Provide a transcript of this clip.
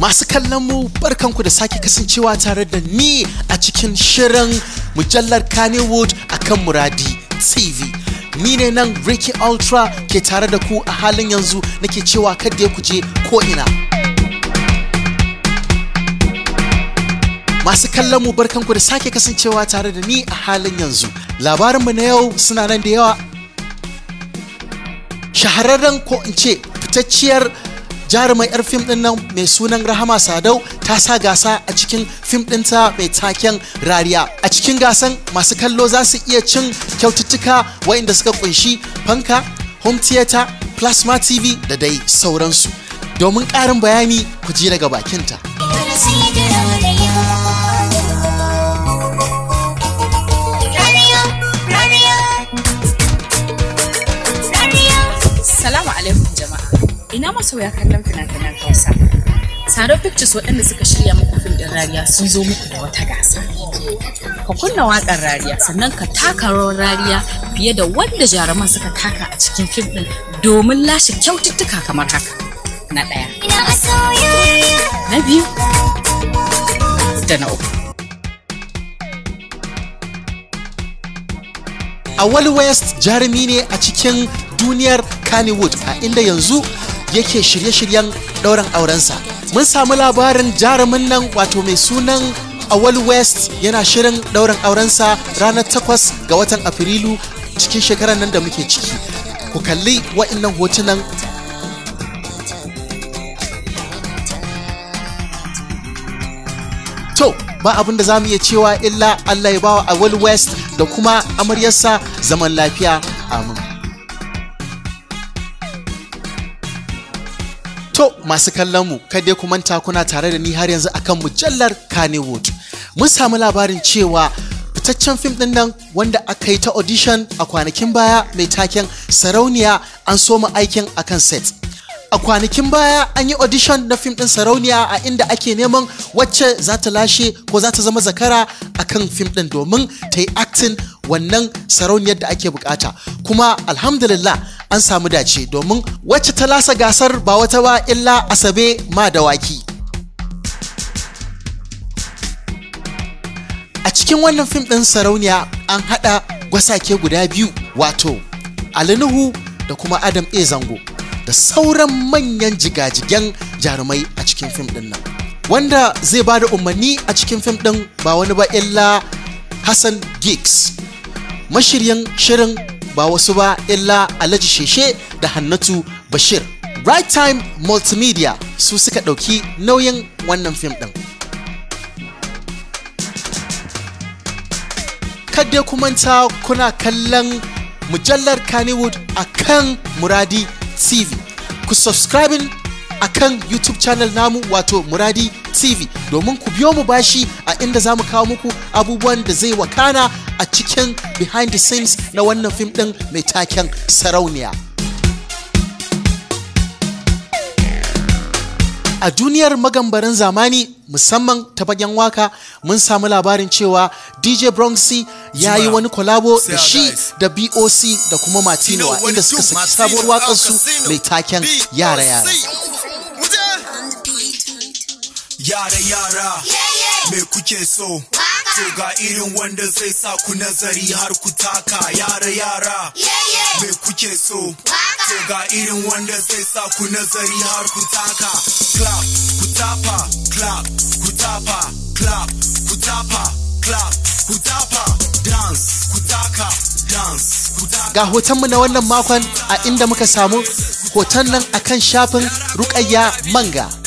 masu kallon mu barkanku da sake kasancewa tare da ni a cikin shirin mujallar Kannywood kan Muradi TV. ni ne nan Ricky Ultra ke tare da ku a halin yanzu nake cewa kada ku je ko ina. Masu kallon mu barkanku da sake kasancewa tare da ni a halin yanzu. Labarinmu na yau suna nan da yawa. Shahararren ko in ce fitacciyar jarumai yar fim din nan mai sunan rahama sadau ta sa gasa a cikin fim ɗinta mai taken rariya a cikin gasan masu kallo za su iya cin kyaututtuka waɗanda suka kunshi fanka home theater plasma tv da dai sauransu domin ƙarin bayani ku ji daga bakinta. Sauya kallon fina-finan Hausa. Saro Pictures waɗanda suka shirya muku fim ɗin rariya sun zo muku da wata gasa. Ka kunna waƙar rariya sannan ka taka rawar rariya fiye da wanda jaruman suka taka a cikin fim ɗin domin lashe kyaututtuka kamar haka. Na ɗaya. Na biyu. Da na uku. Awal West jarumi ne a cikin duniyar Kannywood a inda yanzu yake shirye-shiryen ɗauran aurensa mun samu labarin jarumin nan wato mai sunan awal west yana shirin ɗauran aurensa ranar takwas ga watan afrilu cikin shekarar nan da muke ciki ku kalli wa'innan hotunan to ba abin da za mu iya cewa illa allah ya bawa awal west da kuma amaryarsa zaman lafiya amin To masu kallon mu kai dai manta kuna tare da ni har yanzu akan mujallar Kannywood. Mun samu labarin cewa fitaccen fim din nan wanda aka yi ta audition a kwanakin baya mai taken Sarauniya an so mu aikin akan set. A kwanakin baya an yi audition na fim din Sarauniya a inda ake neman wacce za ta lashe ko za ta zama zakara akan fim din domin ta yi acting wannan sarauniyar da ake bukata kuma alhamdulillah an samu dace domin wacce ta lasa gasar ba wata ba illa asabe ma dawaki a cikin wannan fim din sarauniya an hada gwasake guda biyu wato alinuhu da kuma adam A. zango da sauran manyan jigajigen jarumai a cikin fim din nan wanda zai ba da umarni a cikin fim ɗin ba wani ba illa hassan gigs mashiryan shirin ba wasu ba illa alhaji sheshe da hannatu bashir right time multimedia su suka ɗauki nauyin wannan fim ɗin kadai manta kuna kallon mujallar Kannywood a kan Muradi TV. Ku subscribing a kan YouTube channel namu wato Muradi TV domin ku biyo mu bashi a inda zamu kawo muku abubuwan da zai wakana a cikin behind the scenes na wannan fim ɗin mai taken sarauniya. a duniyar magambarin zamani musamman ta fagen waka mun samu labarin cewa dj bronxy ya yi wani kolabo da shi da boc da kuma Martino inda suka saki sabuwar wakansu mai taken yara-yara Yara yara, me kuke so? To ga irin wanda zai sa ku nazari har ku taka yara yara, me kuke so? To ga irin wanda zai sa ku nazari har ku taka. Clap, ku tapa, clap, ku tapa, clap, ku tapa, clap, ku tapa, dance, ku taka, dance, ku taka. Ga hotonmu na wannan makon a inda muka samu hoton nan akan shafin Rukayya Manga.